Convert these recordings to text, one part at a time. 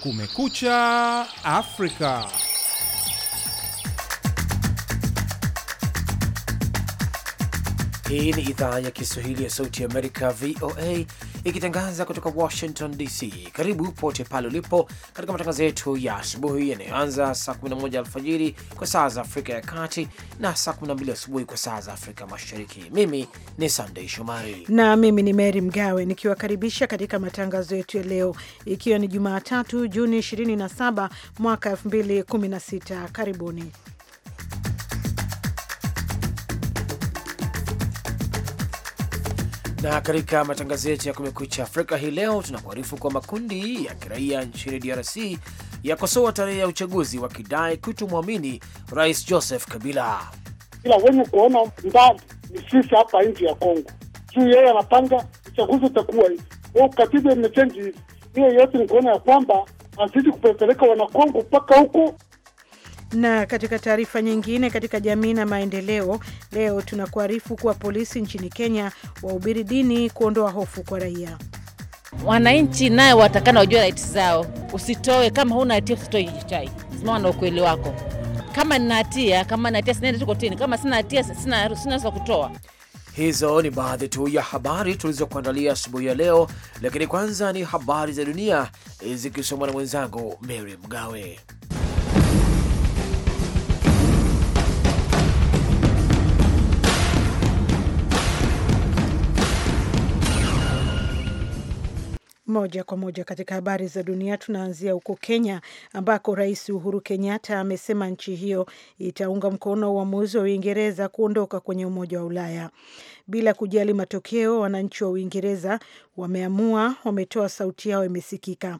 Kumekucha Afrika. Hii ni idhaa ya Kiswahili ya Sauti ya Amerika, VOA, ikitangaza kutoka Washington DC. Karibu pote pale ulipo katika matangazo yetu ya asubuhi yanayoanza saa 11 alfajiri kwa saa za Afrika ya Kati na saa 12 asubuhi kwa saa za Afrika Mashariki. Mimi ni Sandei Shomari na mimi ni Mary Mgawe nikiwakaribisha katika matangazo yetu ya leo, ikiwa ni Jumatatu Juni 27 mwaka 2016. Karibuni. Na katika matangazo yetu ya Kumekucha Afrika hii leo tunakuarifu kwa makundi ya kiraia nchini DRC yakosoa tarehe ya uchaguzi wakidai kutomwamini Rais Joseph Kabila. Ila wenye kuona mbali ni sisi hapa nchi ya Kongo, juu yeye anapanga uchaguzi utakuwa hivi, katiba imechenji hivi. Hiyo yote ni kuona ya kwamba azidi kupepeleka wanakongo mpaka huko na katika taarifa nyingine, katika jamii na maendeleo, leo tunakuarifu kuwa polisi nchini Kenya wahubiri dini kuondoa hofu kwa raia. Wananchi naye watakana wajua right zao, usitoe kama huna hatia, usitoe chai, simama na ukweli wako. Kama nina hatia, kama nina hatia sinaenda, tuko Kama sina hatia, sina sina kutoa. Hizo ni baadhi tu ya habari tulizokuandalia asubuhi ya leo, lakini kwanza ni habari za dunia zikisomwa na mwenzangu Mary Mgawe. Moja kwa moja katika habari za dunia, tunaanzia huko Kenya ambako Rais Uhuru Kenyatta amesema nchi hiyo itaunga mkono uamuzi wa Uingereza kuondoka kwenye Umoja wa Ulaya. Bila kujali matokeo, wananchi wa Uingereza wameamua, wametoa sauti yao, imesikika.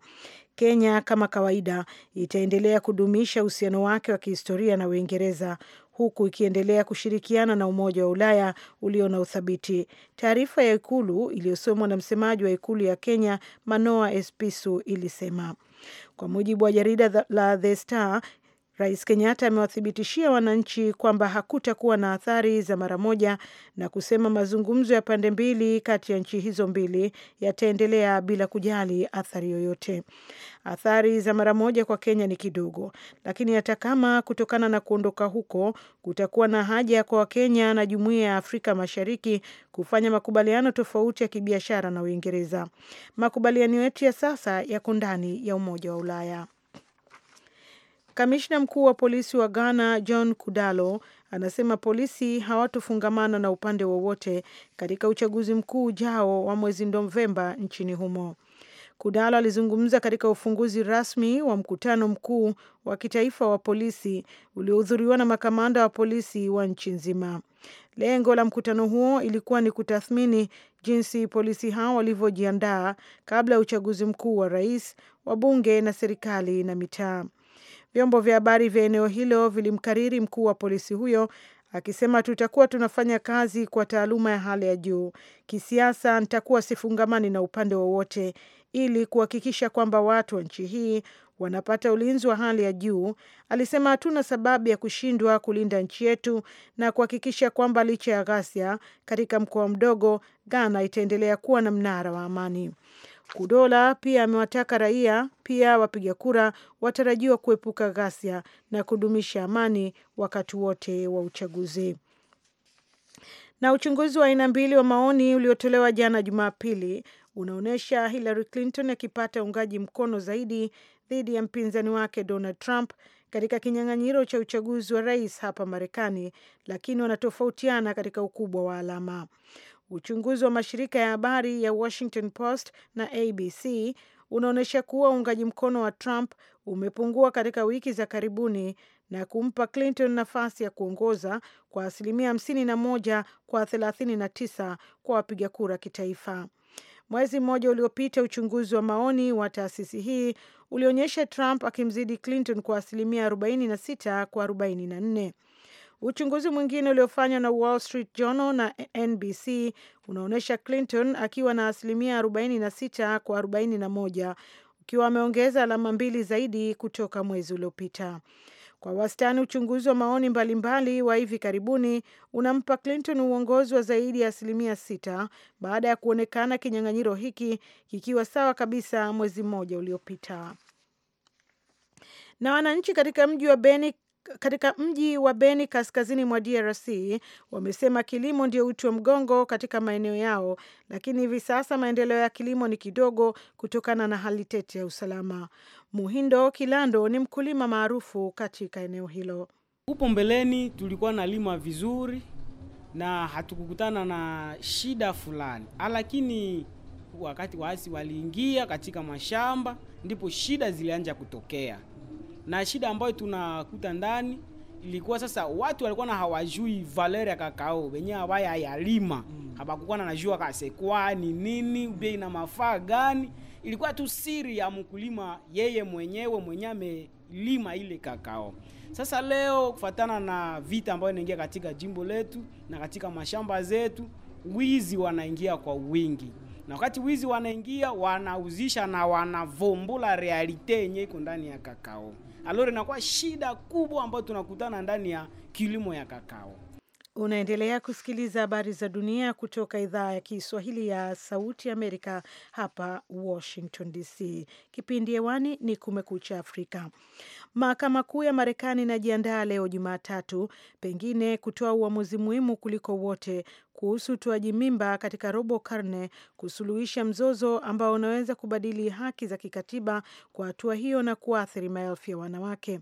Kenya kama kawaida itaendelea kudumisha uhusiano wake wa kihistoria na Uingereza huku ikiendelea kushirikiana na Umoja wa Ulaya ulio na uthabiti. Taarifa ya Ikulu iliyosomwa na msemaji wa Ikulu ya Kenya Manoa espisu ilisema kwa mujibu wa jarida la The Star Rais Kenyatta amewathibitishia wananchi kwamba hakutakuwa na athari za mara moja na kusema mazungumzo ya pande mbili kati ya nchi hizo mbili yataendelea bila kujali athari yoyote. Athari za mara moja kwa Kenya ni kidogo, lakini hata kama kutokana na kuondoka huko kutakuwa na haja kwa Wakenya na Jumuiya ya Afrika Mashariki kufanya makubaliano tofauti ya kibiashara na Uingereza. Makubaliano yetu ya sasa yako ndani ya Umoja wa Ulaya. Kamishna mkuu wa polisi wa Ghana John Kudalo anasema polisi hawatofungamana na upande wowote katika uchaguzi mkuu ujao wa mwezi Novemba nchini humo. Kudalo alizungumza katika ufunguzi rasmi wa mkutano mkuu wa kitaifa wa polisi uliohudhuriwa na makamanda wa polisi wa nchi nzima. Lengo la mkutano huo ilikuwa ni kutathmini jinsi polisi hao walivyojiandaa kabla ya uchaguzi mkuu wa rais, wabunge na serikali na mitaa. Vyombo vya habari vya eneo hilo vilimkariri mkuu wa polisi huyo akisema, tutakuwa tunafanya kazi kwa taaluma ya hali ya juu. Kisiasa nitakuwa sifungamani na upande wowote, ili kuhakikisha kwamba watu wa nchi hii wanapata ulinzi wa hali ya juu. Alisema hatuna sababu ya kushindwa kulinda nchi yetu na kuhakikisha kwamba licha ya ghasia katika mkoa mdogo, Ghana itaendelea kuwa na mnara wa amani. Kudola pia amewataka raia pia wapiga kura watarajiwa kuepuka ghasia na kudumisha amani wakati wote wa uchaguzi. Na uchunguzi wa aina mbili wa maoni uliotolewa jana Jumapili unaonyesha Hillary Clinton akipata uungaji mkono zaidi dhidi ya mpinzani wake Donald Trump katika kinyang'anyiro cha uchaguzi wa rais hapa Marekani, lakini wanatofautiana katika ukubwa wa alama. Uchunguzi wa mashirika ya habari ya Washington Post na ABC unaonyesha kuwa uungaji mkono wa Trump umepungua katika wiki za karibuni na kumpa Clinton nafasi ya kuongoza kwa asilimia 51 kwa 39 kwa wapiga kura kitaifa. Mwezi mmoja uliopita, uchunguzi wa maoni wa taasisi hii ulionyesha Trump akimzidi Clinton kwa asilimia 46 kwa 44. Uchunguzi mwingine uliofanywa na Wall Street Journal na NBC unaonyesha Clinton akiwa na asilimia 46 kwa 41 ukiwa ameongeza alama mbili zaidi kutoka mwezi uliopita. Kwa wastani, uchunguzi wa maoni mbalimbali wa hivi karibuni unampa Clinton uongozi wa zaidi ya asilimia sita baada ya kuonekana kinyang'anyiro hiki kikiwa sawa kabisa mwezi mmoja uliopita. Na wananchi katika mji wa Beni katika mji wa Beni kaskazini mwa DRC wamesema kilimo ndio uti wa mgongo katika maeneo yao, lakini hivi sasa maendeleo ya kilimo ni kidogo kutokana na hali tete ya usalama. Muhindo Kilando ni mkulima maarufu katika eneo hilo. Hupo mbeleni tulikuwa na lima vizuri na hatukukutana na shida fulani, ah, lakini wakati waasi waliingia katika mashamba ndipo shida zilianza kutokea na shida ambayo tunakuta ndani ilikuwa sasa watu walikuwa na hawajui valer ya kakao wenye abaya yalima mm. habakukuwa na najua kasekwa ni nini mm. bei na mafaa gani ilikuwa tu siri ya mkulima yeye mwenyewe mwenye amelima ile kakao sasa leo kufatana na vita ambayo inaingia katika jimbo letu na katika mashamba zetu wizi wanaingia kwa wingi na wakati wizi wanaingia wanauzisha na wanavumbula realite yenye iko ndani ya kakao alors inakuwa shida kubwa ambayo tunakutana ndani ya kilimo ya kakao. Unaendelea kusikiliza habari za dunia kutoka idhaa ya Kiswahili ya Sauti Amerika hapa Washington DC. Kipindi hewani ni Kumekucha Afrika. Mahakama Kuu ya Marekani inajiandaa leo Jumatatu, pengine kutoa uamuzi muhimu kuliko wote kuhusu utoaji mimba katika robo karne, kusuluhisha mzozo ambao unaweza kubadili haki za kikatiba kwa hatua hiyo na kuathiri maelfu ya wanawake.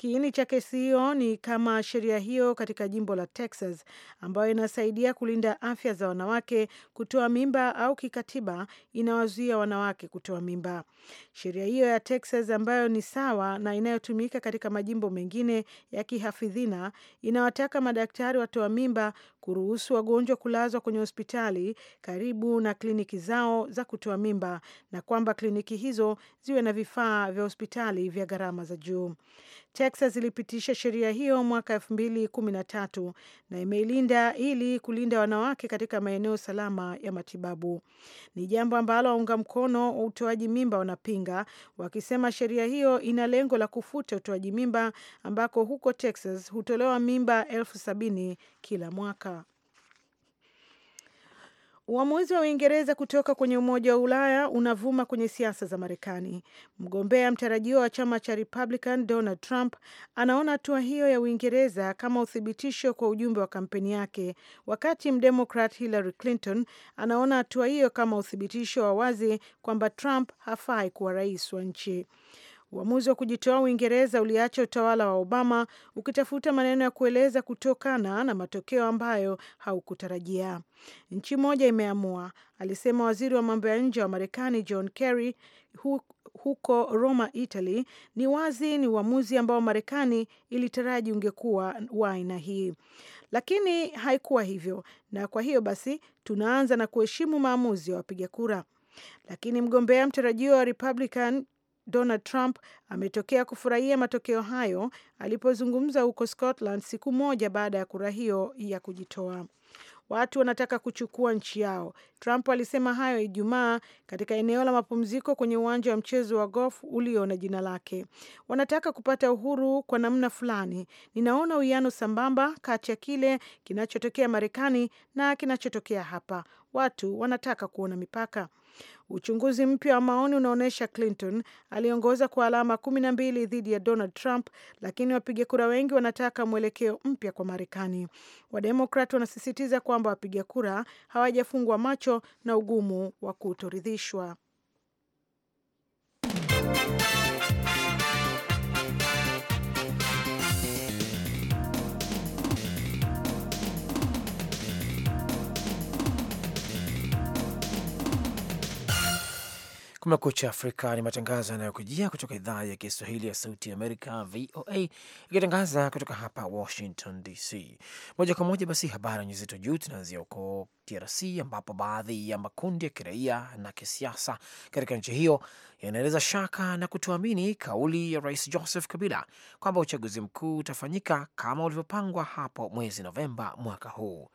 Kiini cha kesi hiyo ni kama sheria hiyo katika jimbo la Texas ambayo inasaidia kulinda afya za wanawake kutoa mimba au kikatiba inawazuia wanawake kutoa mimba. Sheria hiyo ya Texas ambayo ni sawa na inayotumika katika majimbo mengine ya kihafidhina inawataka madaktari watoa mimba kuruhusu wagonjwa kulazwa kwenye hospitali karibu na kliniki zao za kutoa mimba na kwamba kliniki hizo ziwe na vifaa vya hospitali vya gharama za juu. Texas ilipitisha sheria hiyo mwaka elfu mbili kumi na tatu na imeilinda ili kulinda wanawake katika maeneo salama ya matibabu. Ni jambo ambalo waunga mkono wa utoaji mimba wanapinga, wakisema sheria hiyo ina lengo la kufuta utoaji mimba ambako huko Texas hutolewa mimba elfu sabini kila mwaka. Uamuzi wa Uingereza kutoka kwenye Umoja wa Ulaya unavuma kwenye siasa za Marekani. Mgombea mtarajiwa wa chama cha Republican Donald Trump anaona hatua hiyo ya Uingereza kama uthibitisho kwa ujumbe wa kampeni yake, wakati mdemokrat Hillary Clinton anaona hatua hiyo kama uthibitisho wa wazi kwamba Trump hafai kuwa rais wa nchi. Uamuzi wa kujitoa Uingereza uliacha utawala wa Obama ukitafuta maneno ya kueleza kutokana na matokeo ambayo haukutarajia. Nchi moja imeamua, alisema waziri wa mambo ya nje wa Marekani John Kerry huko Roma, Italy. Ni wazi ni uamuzi ambao Marekani ilitaraji ungekuwa wa aina hii, lakini haikuwa hivyo, na kwa hiyo basi tunaanza na kuheshimu maamuzi ya wapiga kura. Lakini mgombea mtarajio wa Republican Donald Trump ametokea kufurahia matokeo hayo alipozungumza huko Scotland siku moja baada ya kura hiyo ya kujitoa. Watu wanataka kuchukua nchi yao, Trump alisema hayo Ijumaa katika eneo la mapumziko kwenye uwanja wa mchezo wa golf ulio na jina lake. Wanataka kupata uhuru kwa namna fulani. Ninaona uwiano sambamba kati ya kile kinachotokea Marekani na kinachotokea hapa. Watu wanataka kuona mipaka Uchunguzi mpya wa maoni unaonyesha Clinton aliongoza kwa alama kumi na mbili dhidi ya Donald Trump, lakini wapiga kura wengi wanataka mwelekeo mpya kwa Marekani. Wademokrat wanasisitiza kwamba wapiga kura hawajafungwa macho na ugumu wa kutoridhishwa. Kumekucha Afrika ni matangazo yanayokujia kutoka idhaa ya Kiswahili ya Sauti ya Amerika, VOA, ikitangaza kutoka hapa Washington DC moja kwa moja. Basi habari yenye zito juu tunaanzia huko DRC ambapo baadhi ya makundi ya kiraia na kisiasa katika nchi hiyo yanaeleza shaka na kutoamini kauli ya Rais Joseph Kabila kwamba uchaguzi mkuu utafanyika kama ulivyopangwa hapo mwezi Novemba mwaka huu.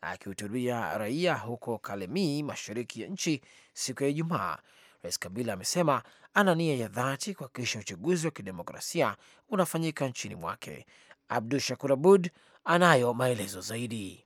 Akihutubia raia huko Kalemie, mashariki ya nchi, siku ya Ijumaa, Rais Kabila amesema ana nia ya dhati kuhakikisha uchaguzi wa kidemokrasia unafanyika nchini mwake. Abdu Shakur Abud anayo maelezo zaidi.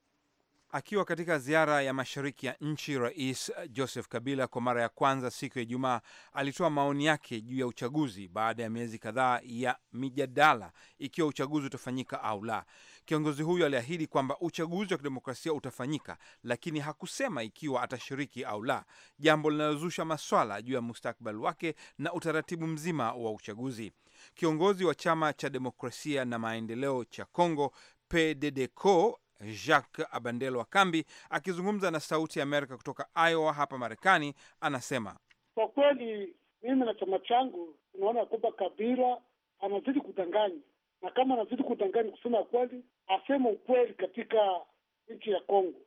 Akiwa katika ziara ya mashariki ya nchi, Rais Joseph Kabila kwa mara ya kwanza siku ya Ijumaa alitoa maoni yake juu ya uchaguzi baada ya miezi kadhaa ya mijadala ikiwa uchaguzi utafanyika au la. Kiongozi huyo aliahidi kwamba uchaguzi wa kidemokrasia utafanyika, lakini hakusema ikiwa atashiriki au la, jambo linalozusha maswala juu ya mustakbali wake na utaratibu mzima wa uchaguzi. Kiongozi wa chama cha demokrasia na maendeleo cha Congo, PDDCO Jacques Abandel Wakambi akizungumza na Sauti ya Amerika kutoka Iowa hapa Marekani anasema kwa kweli, mimi na chama changu tunaona kwamba Kabila anazidi kudanganya na kama anazidi kudanganya kusema kweli, aseme ukweli katika nchi ya Kongo.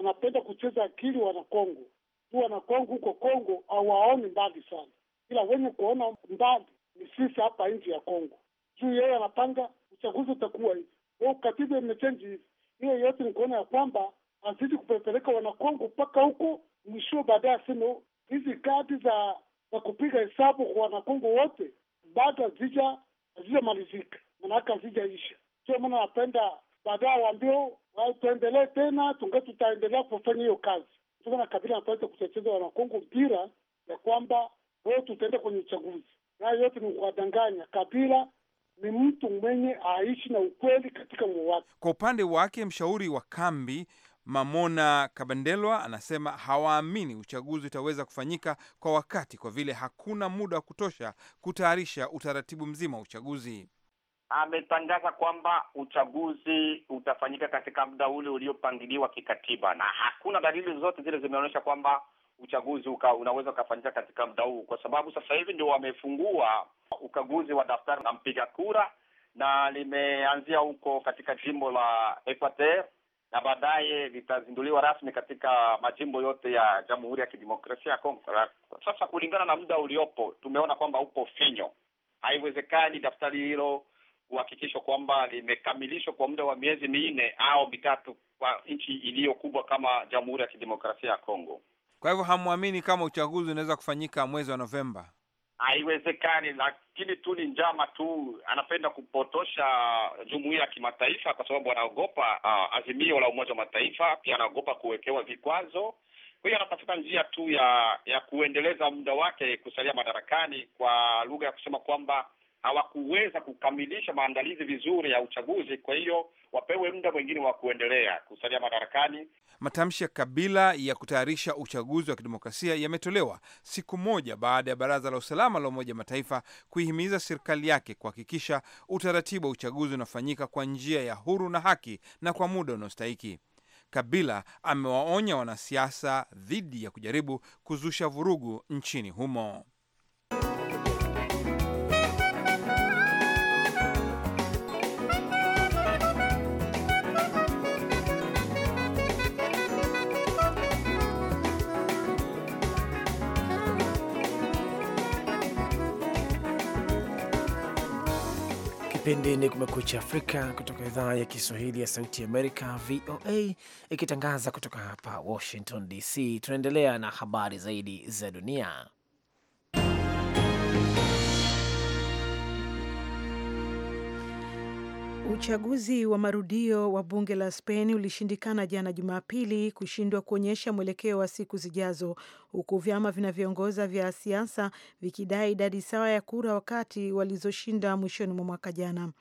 Anapenda kucheza akili wana Kongo tu, wana Kongo huko Kongo hawaoni mbali sana, ila wenye kuona mbali ni sisi hapa nchi ya Kongo. Juu yeye anapanga uchaguzi utakuwa hivi, katiba imechenji hivi. Hiyo yote ni kuona ya kwamba azidi kupeleka wanakongo mpaka huko mwisho, baadaye aseme hizi kadi za za kupiga hesabu kwa wanakongo wote bado hazija hazijamalizika manaka zijaisha. Sio mna napenda baadaye waambie tuendelee tena, tunge tutaendelea kufanya hiyo kazi. na Kabila anapaswa kuchecheza wanakongo mpira ya kwamba wewe tutaenda kwenye uchaguzi. Na yote ni kuwadanganya. Kabila ni mtu mwenye aishi na ukweli katika moyo wake. Kwa upande wake, mshauri wa kambi Mamona Kabandelwa anasema hawaamini uchaguzi utaweza kufanyika kwa wakati, kwa vile hakuna muda wa kutosha kutayarisha utaratibu mzima wa uchaguzi ametangaza kwamba uchaguzi utafanyika katika muda ule uliopangiliwa kikatiba, na hakuna dalili zote zile zimeonyesha kwamba uchaguzi uka, unaweza ukafanyika katika muda huu, kwa sababu sasa hivi ndio wamefungua ukaguzi wa daftari la mpiga kura, na limeanzia huko katika jimbo la Equateur na baadaye litazinduliwa rasmi katika majimbo yote ya Jamhuri ya Kidemokrasia ya Kongo. Sasa kulingana na muda uliopo, tumeona kwamba upo finyo, haiwezekani daftari hilo uhakikisho kwamba limekamilishwa kwa muda wa miezi minne au mitatu kwa nchi iliyo kubwa kama Jamhuri ya Kidemokrasia ya Kongo. Kwa hivyo hamwamini kama uchaguzi unaweza kufanyika mwezi wa Novemba? Haiwezekani, lakini tu ni njama tu. Anapenda kupotosha jumuiya ya kimataifa kwa sababu anaogopa uh, azimio la Umoja wa Mataifa, pia anaogopa kuwekewa vikwazo. Kwa hiyo anatafuta njia tu ya ya kuendeleza muda wake kusalia madarakani, kwa lugha ya kusema kwamba hawakuweza kukamilisha maandalizi vizuri ya uchaguzi, kwa hiyo wapewe muda mwingine wa kuendelea kusalia madarakani. Matamshi ya Kabila ya kutayarisha uchaguzi wa kidemokrasia yametolewa siku moja baada ya Baraza la Usalama la Umoja Mataifa kuihimiza serikali yake kuhakikisha utaratibu wa uchaguzi unafanyika kwa njia ya huru na haki na kwa muda unaostahiki. Kabila amewaonya wanasiasa dhidi ya kujaribu kuzusha vurugu nchini humo. Kipindi ni Kumekucha Afrika kutoka idhaa ya Kiswahili ya Sauti Amerika, VOA, ikitangaza kutoka hapa Washington DC. Tunaendelea na habari zaidi za dunia. Uchaguzi wa marudio wa bunge la Spain ulishindikana jana Jumapili, kushindwa kuonyesha mwelekeo wa siku zijazo, huku vyama vinavyoongoza vya siasa vikidai idadi sawa ya kura wakati walizoshinda mwishoni mwa mwaka jana.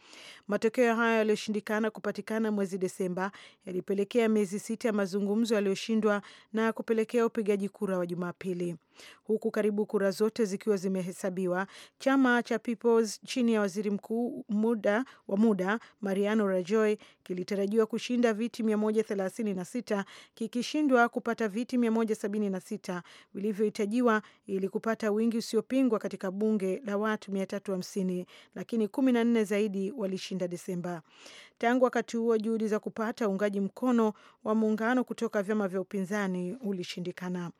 Matokeo hayo yaliyoshindikana kupatikana mwezi Desemba yalipelekea miezi sita ya mazungumzo yaliyoshindwa na kupelekea upigaji kura wa Jumapili, huku karibu kura zote zikiwa zimehesabiwa. Chama cha Peoples chini ya waziri mkuu muda wa muda Mariano Rajoy kilitarajiwa kushinda viti 136 kikishindwa kupata viti 176 vilivyohitajiwa ili kupata wingi usiopingwa katika bunge la watu 350 lakini kumi na nne zaidi walishinda Desemba. Tangu wakati huo, juhudi za kupata uungaji mkono wa muungano kutoka vyama vya upinzani ulishindikana.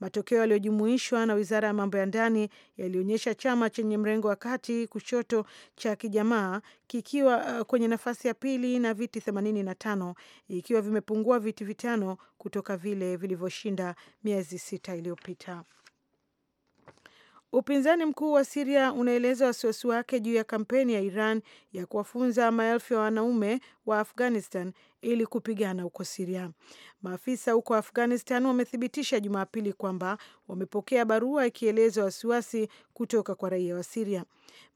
Matokeo yaliyojumuishwa na wizara ya mambo ya ndani yalionyesha chama chenye mrengo wa kati kushoto cha kijamaa kikiwa uh, kwenye nafasi ya pili na viti 85 ikiwa vimepungua viti vitano kutoka vile vilivyoshinda miezi sita iliyopita. Upinzani mkuu wa Siria unaeleza wasiwasi wake juu ya kampeni ya Iran ya kuwafunza maelfu ya wanaume wa Afghanistan ili kupigana huko Siria. Maafisa huko Afghanistan wamethibitisha Jumapili kwamba wamepokea barua ikieleza wasiwasi kutoka kwa raia wa Siria.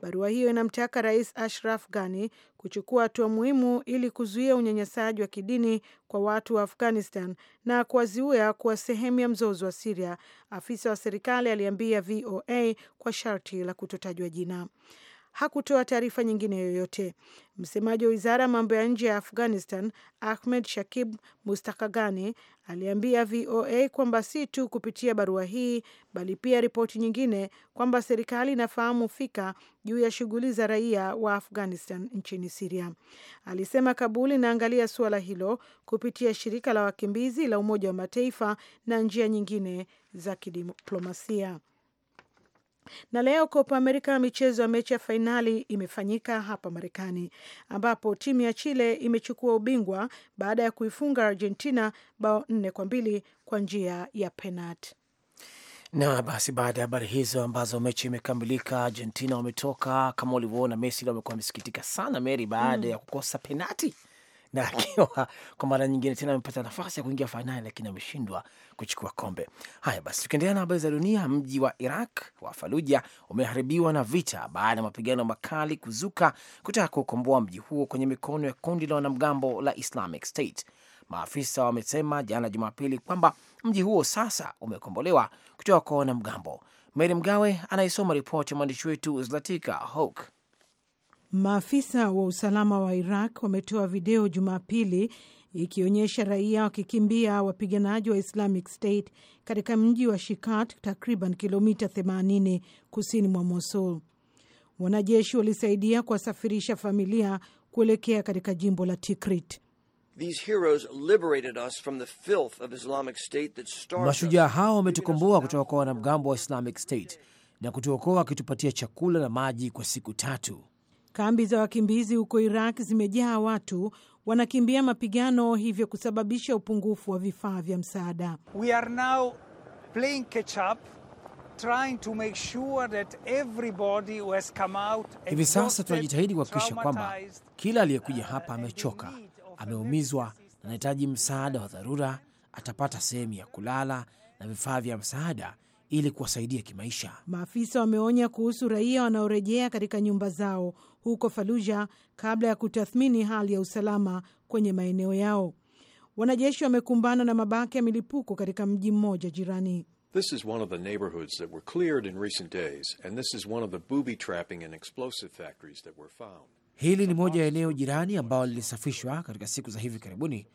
Barua hiyo inamtaka Rais Ashraf Ghani kuchukua hatua muhimu ili kuzuia unyanyasaji wa kidini kwa watu wa Afghanistan na kuwaziua kuwa sehemu ya mzozo wa Siria, afisa wa serikali aliambia VOA kwa sharti la kutotajwa jina hakutoa taarifa nyingine yoyote. Msemaji wa wizara ya mambo ya nje ya Afghanistan, Ahmed Shakib Mustakagani, aliambia VOA kwamba si tu kupitia barua hii, bali pia ripoti nyingine kwamba serikali inafahamu fika juu ya shughuli za raia wa Afghanistan nchini Siria. Alisema Kabul inaangalia suala hilo kupitia shirika la wakimbizi la Umoja wa Mataifa na njia nyingine za kidiplomasia. Na leo Copa America, michezo ya mechi ya fainali imefanyika hapa Marekani, ambapo timu ya Chile imechukua ubingwa baada ya kuifunga Argentina bao nne kwa mbili kwa njia ya penat Na basi baada ya habari hizo ambazo mechi imekamilika, Argentina wametoka kama ulivyoona, Messi wamekuwa wamesikitika sana Meri baada mm. ya kukosa penati na akiwa kwa mara nyingine tena amepata nafasi ya kuingia fainali, lakini ameshindwa kuchukua kombe. Haya basi, tukiendelea na habari za dunia, mji wa Iraq wa Faluja umeharibiwa na vita baada ya mapigano makali kuzuka kutaka kuukomboa mji huo kwenye mikono ya kundi la wanamgambo la Islamic State. Maafisa wamesema jana Jumapili kwamba mji huo sasa umekombolewa kutoka kwa wanamgambo. Meri Mgawe anaisoma ripoti ya mwandishi wetu Zlatika Hawk Maafisa wa usalama wa Iraq wametoa video Jumapili ikionyesha raia wakikimbia wapiganaji wa Islamic State katika mji wa Shikat, takriban kilomita 80 kusini mwa Mosul. Wanajeshi walisaidia kuwasafirisha familia kuelekea katika jimbo la Tikrit. Mashujaa hao wametukomboa kutoka kwa wanamgambo wa Islamic State na kutuokoa wakitupatia chakula na maji kwa siku tatu. Kambi za wakimbizi huko Iraq zimejaa watu wanakimbia mapigano, hivyo kusababisha upungufu wa vifaa vya msaada. We are now playing catch up hivi sasa tunajitahidi kuhakikisha kwamba kila aliyekuja hapa amechoka, ameumizwa na anahitaji msaada wa dharura atapata sehemu ya kulala na vifaa vya msaada ili kuwasaidia kimaisha. Maafisa wameonya kuhusu raia wanaorejea katika nyumba zao huko Faluja kabla ya kutathmini hali ya usalama kwenye maeneo yao. Wanajeshi wamekumbana na mabaki ya milipuko katika mji mmoja jirani. Hili ni moja ya eneo jirani ambalo lilisafishwa katika siku za hivi karibuni,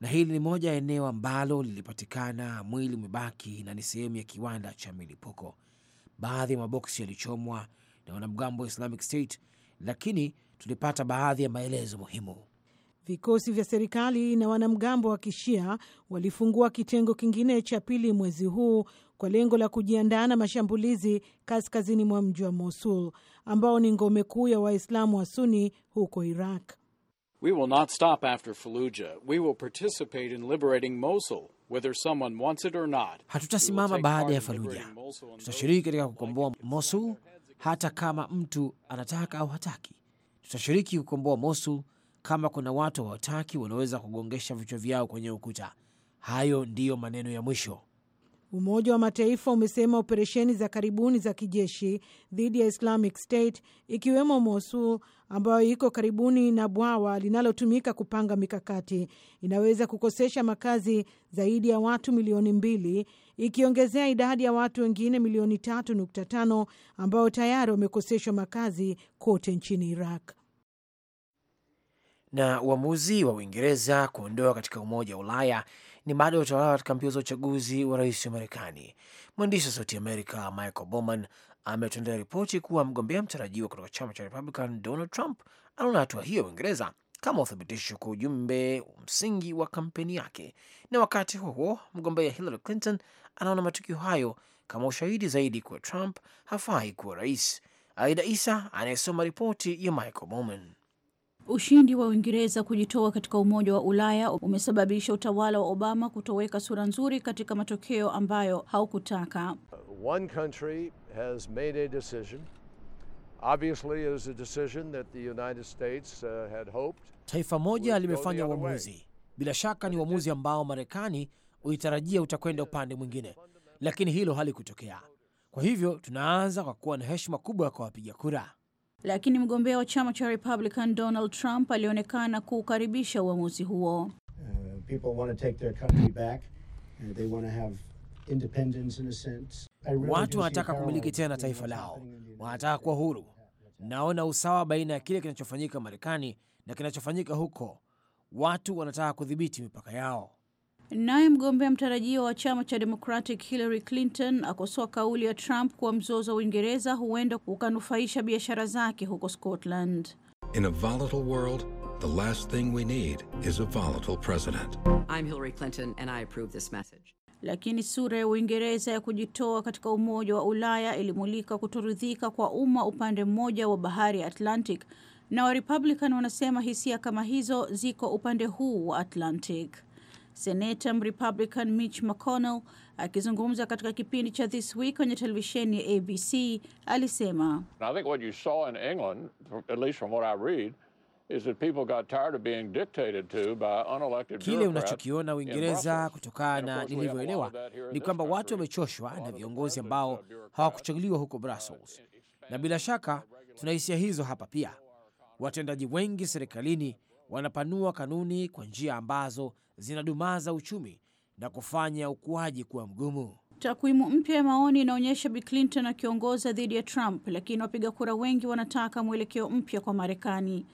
na hili ni moja ya eneo ambalo lilipatikana mwili umebaki na ni sehemu ya kiwanda cha milipuko. Baadhi ya maboksi yalichomwa na wanamgambo wa Islamic State lakini tulipata baadhi ya maelezo muhimu. Vikosi vya serikali na wanamgambo wa kishia walifungua kitengo kingine cha pili mwezi huu kwa lengo la kujiandaa na mashambulizi kaskazini mwa mji wa Mosul ambao ni ngome kuu ya Waislamu wa Suni huko Iraq. We will not stop after Fallujah. We will participate in liberating Mosul whether someone wants it or not. Hatutasimama baada ya Faluja, tutashiriki katika kukomboa Mosul hata kama mtu anataka au hataki. Tutashiriki kukomboa Mosul. Kama kuna watu hawataki, wanaweza kugongesha vichwa vyao kwenye ukuta. Hayo ndiyo maneno ya mwisho. Umoja wa Mataifa umesema operesheni za karibuni za kijeshi dhidi ya Islamic State ikiwemo Mosul ambayo iko karibuni na bwawa linalotumika kupanga mikakati inaweza kukosesha makazi zaidi ya watu milioni mbili ikiongezea idadi ya watu wengine milioni tatu nukta tano ambao tayari wamekoseshwa makazi kote nchini Iraq. Na uamuzi wa Uingereza kuondoa katika Umoja wa Ulaya ni baada ya utawala katika mbio za uchaguzi wa rais wa Marekani. Mwandishi wa Sauti Amerika Michael Bowman ametendea ripoti kuwa mgombea mtarajiwa kutoka chama cha Republican Donald Trump anaona hatua hiyo Uingereza kama uthibitisho kwa ujumbe msingi wa kampeni yake, na wakati huo huo mgombea Hillary Clinton anaona matukio hayo kama ushahidi zaidi kuwa Trump hafai kuwa rais. Aida Isa anayesoma ripoti ya Michael Bowman. Ushindi wa Uingereza kujitoa katika Umoja wa Ulaya umesababisha utawala wa Obama kutoweka sura nzuri katika matokeo ambayo haukutaka. One country has made a decision. Obviously it is a decision that the United States uh, had hoped. Taifa moja limefanya uamuzi. Bila shaka ni uamuzi ambao Marekani ulitarajia utakwenda upande mwingine, lakini hilo halikutokea. Kwa hivyo tunaanza kwa kuwa na heshima kubwa kwa wapiga kura lakini mgombea wa chama cha Republican Donald Trump alionekana kuukaribisha uamuzi huo. Uh, uh, Watu wanataka kumiliki tena taifa lao, wanataka kuwa huru. Naona usawa baina ya kile kinachofanyika Marekani na kinachofanyika huko. Watu wanataka kudhibiti mipaka yao. Naye mgombea mtarajio wa chama cha Democratic Hillary Clinton akosoa kauli ya Trump kuwa mzozo wa Uingereza huenda ukanufaisha biashara zake huko Scotland. In a volatile world, the last thing we need is a volatile president. I'm Hillary Clinton and I approve this message. Lakini sura ya Uingereza ya kujitoa katika Umoja wa Ulaya ilimulika kutoridhika kwa umma upande mmoja wa bahari ya Atlantic, na Warepublican wanasema hisia kama hizo ziko upande huu wa Atlantic. Senata Mrepublican Mitch McConnell akizungumza katika kipindi cha This Week kwenye televisheni ya ABC alisema, I think what you saw in England, at least from what I read, is that people got tired of being dictated to by unelected. Kile unachokiona Uingereza kutokana na nilivyoelewa ni kwamba watu wamechoshwa na viongozi ambao hawakuchaguliwa huko Brussels, na bila shaka tuna hisia hizo hapa pia. Watendaji wengi serikalini wanapanua kanuni kwa njia ambazo zinadumaza uchumi na kufanya ukuaji kuwa mgumu. Takwimu mpya ya maoni inaonyesha Bi Clinton akiongoza dhidi ya Trump, lakini wapiga kura wengi wanataka mwelekeo mpya kwa Marekani.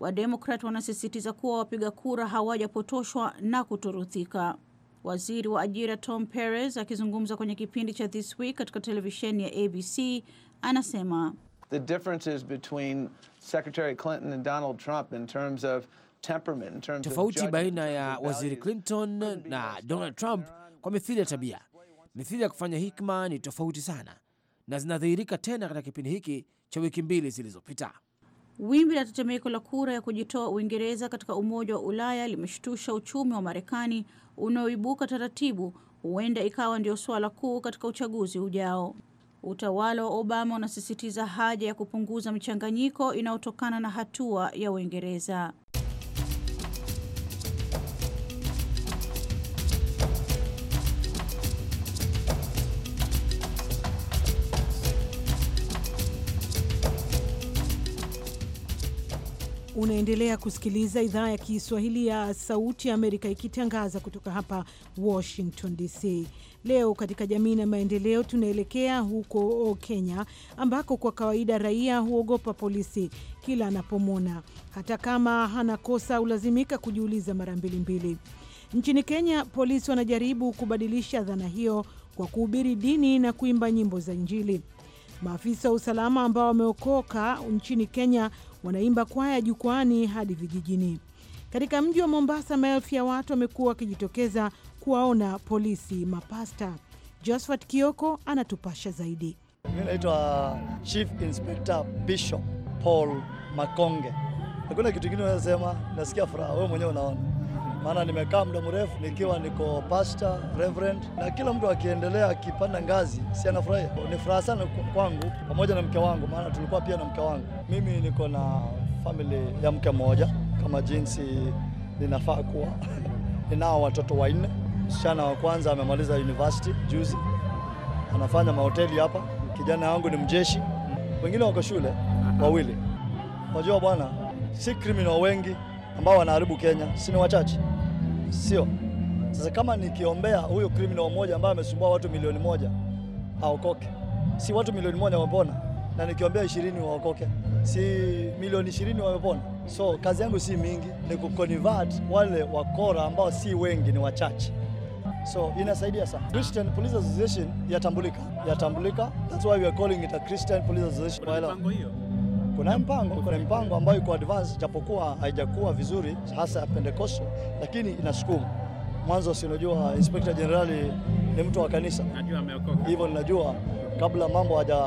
Wademokrat wanasisitiza kuwa wapiga kura hawajapotoshwa na kuturuthika Waziri wa ajira Tom Perez akizungumza kwenye kipindi cha This Week katika televisheni ya ABC anasema The differences between Secretary Clinton and Donald Trump in terms of tofauti baina ya waziri Clinton na Donald Trump kwa mithili ya tabia. Mithili ya kufanya hikma ni tofauti sana na zinadhihirika tena katika kipindi hiki cha wiki mbili zilizopita. Wimbi la tetemeko la kura ya kujitoa Uingereza katika Umoja wa Ulaya limeshtusha uchumi wa Marekani unaoibuka taratibu, huenda ikawa ndio suala kuu katika uchaguzi ujao. Utawala wa Obama unasisitiza haja ya kupunguza mchanganyiko inayotokana na hatua ya Uingereza. Unaendelea kusikiliza idhaa ya Kiswahili ya Sauti ya Amerika ikitangaza kutoka hapa Washington DC. Leo katika jamii na maendeleo, tunaelekea huko Kenya ambako kwa kawaida raia huogopa polisi kila anapomwona, hata kama hana kosa hulazimika kujiuliza mara mbili mbili. Nchini Kenya, polisi wanajaribu kubadilisha dhana hiyo kwa kuhubiri dini na kuimba nyimbo za Injili. Maafisa wa usalama ambao wameokoka nchini Kenya wanaimba kwaya jukwani hadi vijijini. Katika mji wa Mombasa, maelfu ya watu wamekuwa wakijitokeza kuwaona polisi mapasta. Josphat Kioko anatupasha zaidi. Mi naitwa Chief Inspector Bishop Paul Makonge. Hakuna kitu kingine unasema, nasikia furaha, wewe mwenyewe unaona maana nimekaa muda mrefu nikiwa niko pastor, reverend, na kila mtu akiendelea akipanda ngazi, si anafurahia? Ni furaha sana kwangu pamoja na mke wangu, maana tulikuwa pia na mke wangu. Mimi niko na family ya mke mmoja kama jinsi ninafaa kuwa. Ninao watoto wanne. Msichana wa kwanza amemaliza university juzi, anafanya mahoteli hapa. Kijana wangu ni mjeshi, wengine wako shule wawili. Unajua bwana, si criminal wengi ambao wanaharibu Kenya, si ni wachache sio? Sasa kama nikiombea huyo criminal mmoja ambaye amesumbua watu milioni moja aokoke, si watu milioni moja wamepona, na nikiombea ishirini waokoke, si milioni ishirini wamepona? So kazi yangu si mingi, ni kuconvert wale wakora ambao si wengi, ni wachache so inasaidia sana. Christian Police Association yatambulika, yatambulika, that's why we are calling it a Christian Police Association. Mpango hiyo kuna mpango, kuna mpango ambayo iko advance, japokuwa haijakuwa vizuri hasa ya Pentecostal, lakini inasukuma mwanzo. Si unajua Inspector General ni mtu wa kanisa, hivyo ninajua kabla mambo haja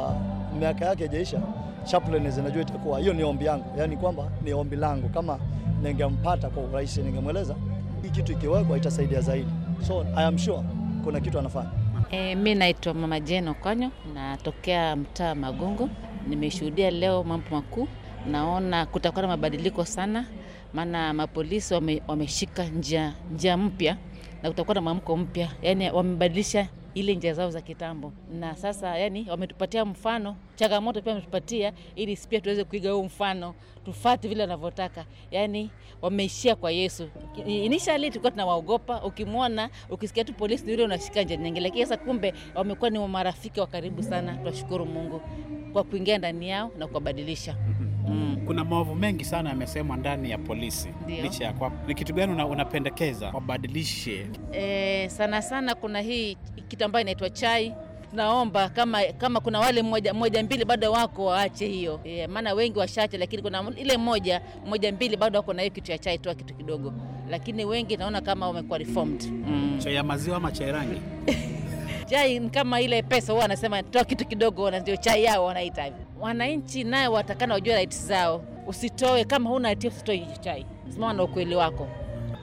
miaka yake haijaisha, chaplain zinajua itakuwa hiyo. Ni ombi yangu, yani kwamba ni ombi langu, kama ningempata kwa urahisi ningemweleza hii kitu ikiwekwa itasaidia zaidi, so I am sure kuna kitu anafanya. E, mi naitwa Mama Jeno Konyo, natokea mtaa Magungu. Nimeshuhudia leo mambo makuu, naona kutakuwa na mabadiliko sana, maana mapolisi wameshika wame njia, njia mpya na kutakuwa na mwamko mpya, yaani wamebadilisha ile njia zao za kitambo, na sasa yani wametupatia mfano, changamoto pia wametupatia, ili pia tuweze kuiga huo mfano, tufate vile wanavyotaka. Yani wameishia kwa Yesu. Initially tulikuwa tunawaogopa, ukimwona ukisikia tu polisi ni yule unashika njia nyingi, lakini sasa kumbe wamekuwa ni marafiki wa karibu sana. Tunashukuru Mungu kwa kuingia ndani yao na kuwabadilisha. Mm-hmm mm. Kuna maovu mengi sana yamesemwa ndani ya polisi. Licha ya kwa ni kitu gani una, unapendekeza wabadilishe? E, sana sana kuna hii kitu ambayo inaitwa chai Naomba kama kama kuna wale moja, moja mbili bado wako waache hiyo yeah, maana wengi washache, lakini kuna ile moja moja mbili bado wako na hiyo kitu ya chai, toa kitu kidogo, lakini wengi naona kama wamekuwa reformed mm. Chai ya maziwa ama chai rangi chai ni kama ile pesa, huwa wanasema toa kitu kidogo, ndio chai yao wanaita hivyo. Wananchi naye watakana wajue rights zao, usitoe kama huna usitoe chai, simama na ukweli wako.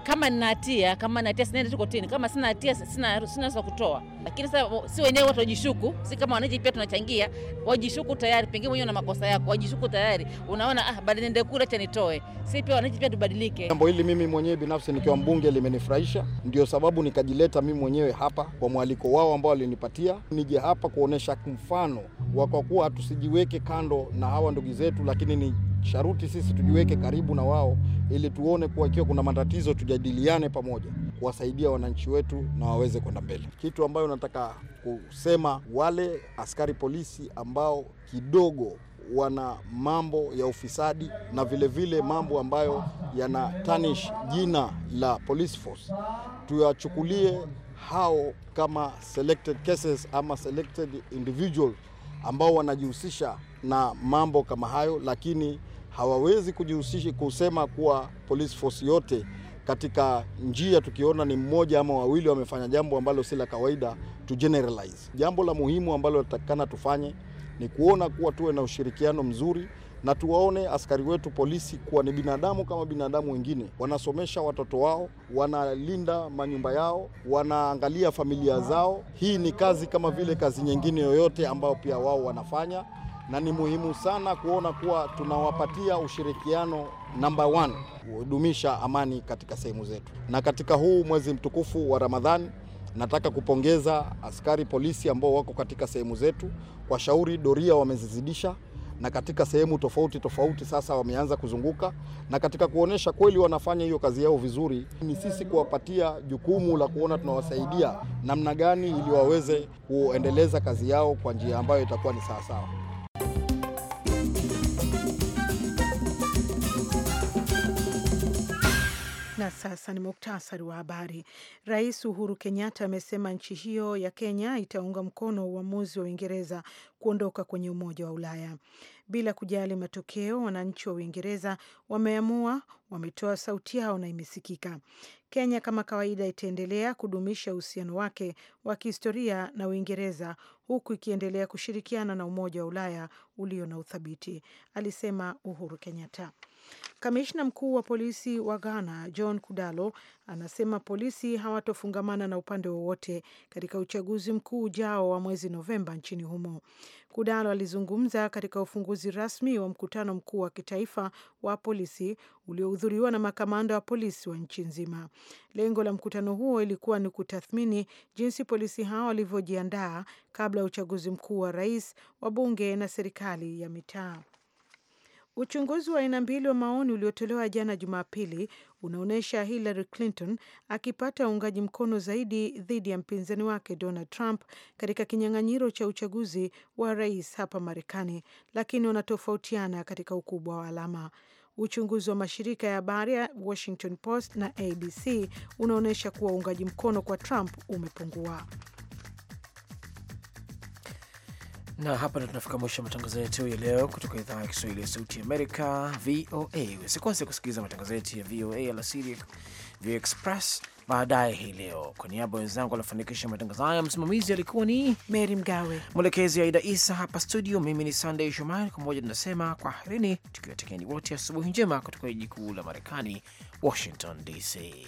Kama nina kama nina sinaenda tu kotini, kama sina hatia sina sina za kutoa. Lakini sasa si wenyewe watu wajishuku, si kama wananchi pia tunachangia, wajishuku tayari, pengine mwenyewe na makosa yako, wajishuku tayari. Unaona, ah, baada niende kule acha nitoe. Si pia wananchi pia tubadilike. Jambo hili mimi mwenyewe binafsi nikiwa mbunge limenifurahisha, ndio sababu nikajileta mimi mwenyewe hapa kwa mwaliko wao ambao walinipatia, nije hapa kuonesha mfano wa kwa kuwa tusijiweke kando na hawa ndugu zetu, lakini ni sharuti sisi tujiweke karibu na wao, ili tuone kuwa ikiwa kuna matatizo tujadiliane pamoja kuwasaidia wananchi wetu na waweze kwenda mbele. Kitu ambayo nataka kusema, wale askari polisi ambao kidogo wana mambo ya ufisadi na vilevile vile mambo ambayo yana tanish jina la police force, tuyachukulie hao kama selected cases ama selected individual ambao wanajihusisha na mambo kama hayo, lakini hawawezi kujihusisha kusema kuwa police force yote katika njia, tukiona ni mmoja ama wawili wamefanya jambo ambalo si la kawaida, to generalize. Jambo la muhimu ambalo natakikana tufanye ni kuona kuwa tuwe na ushirikiano mzuri na tuwaone askari wetu polisi kuwa ni binadamu kama binadamu wengine, wanasomesha watoto wao, wanalinda manyumba yao, wanaangalia familia zao. Hii ni kazi kama vile kazi nyingine yoyote ambayo pia wao wanafanya na ni muhimu sana kuona kuwa tunawapatia ushirikiano namba one kudumisha amani katika sehemu zetu. Na katika huu mwezi mtukufu wa Ramadhani, nataka kupongeza askari polisi ambao wako katika sehemu zetu kwa shauri, doria wamezizidisha na katika sehemu tofauti tofauti sasa wameanza kuzunguka, na katika kuonesha kweli wanafanya hiyo kazi yao vizuri, ni sisi kuwapatia jukumu la kuona tunawasaidia namna gani ili waweze kuendeleza kazi yao kwa njia ambayo itakuwa ni sawasawa. Na sasa ni muktasari wa habari. Rais Uhuru Kenyatta amesema nchi hiyo ya Kenya itaunga mkono uamuzi wa Uingereza kuondoka kwenye Umoja wa Ulaya. Bila kujali matokeo, wananchi wa Uingereza wameamua, wametoa sauti yao na imesikika. Kenya kama kawaida itaendelea kudumisha uhusiano wake wa kihistoria na Uingereza huku ikiendelea kushirikiana na Umoja wa Ulaya ulio na uthabiti, alisema Uhuru Kenyatta. Kamishna mkuu wa polisi wa Ghana John Kudalo anasema polisi hawatofungamana na upande wowote katika uchaguzi mkuu ujao wa mwezi Novemba nchini humo. Kudalo alizungumza katika ufunguzi rasmi wa mkutano mkuu wa kitaifa wa polisi uliohudhuriwa na makamanda wa polisi wa nchi nzima. Lengo la mkutano huo ilikuwa ni kutathmini jinsi polisi hao walivyojiandaa kabla ya uchaguzi mkuu wa rais, wabunge na serikali ya mitaa. Uchunguzi wa aina mbili wa maoni uliotolewa jana Jumapili unaonyesha Hillary Clinton akipata uungaji mkono zaidi dhidi ya mpinzani wake Donald Trump katika kinyang'anyiro cha uchaguzi wa rais hapa Marekani, lakini wanatofautiana katika ukubwa wa alama. Uchunguzi wa mashirika ya habari ya Washington Post na ABC unaonyesha kuwa uungaji mkono kwa Trump umepungua na hapa ndo tunafika mwisho wa matangazo yetu ya leo kutoka idhaa ya Kiswahili ya Sauti Amerika, VOA. Usikose kusikiliza matangazo yetu ya VOA alasiri, VOA Express baadaye hii leo. Kwa niaba ya wenzangu waliofanikisha matangazo haya, msimamizi alikuwa ni Meri Mgawe, mwelekezi Aida Isa. Hapa studio, mimi ni Sandey Shomari, pamoja tunasema kwaherini, tukiwatakieni wote asubuhi njema kutoka jiji kuu la Marekani, Washington DC.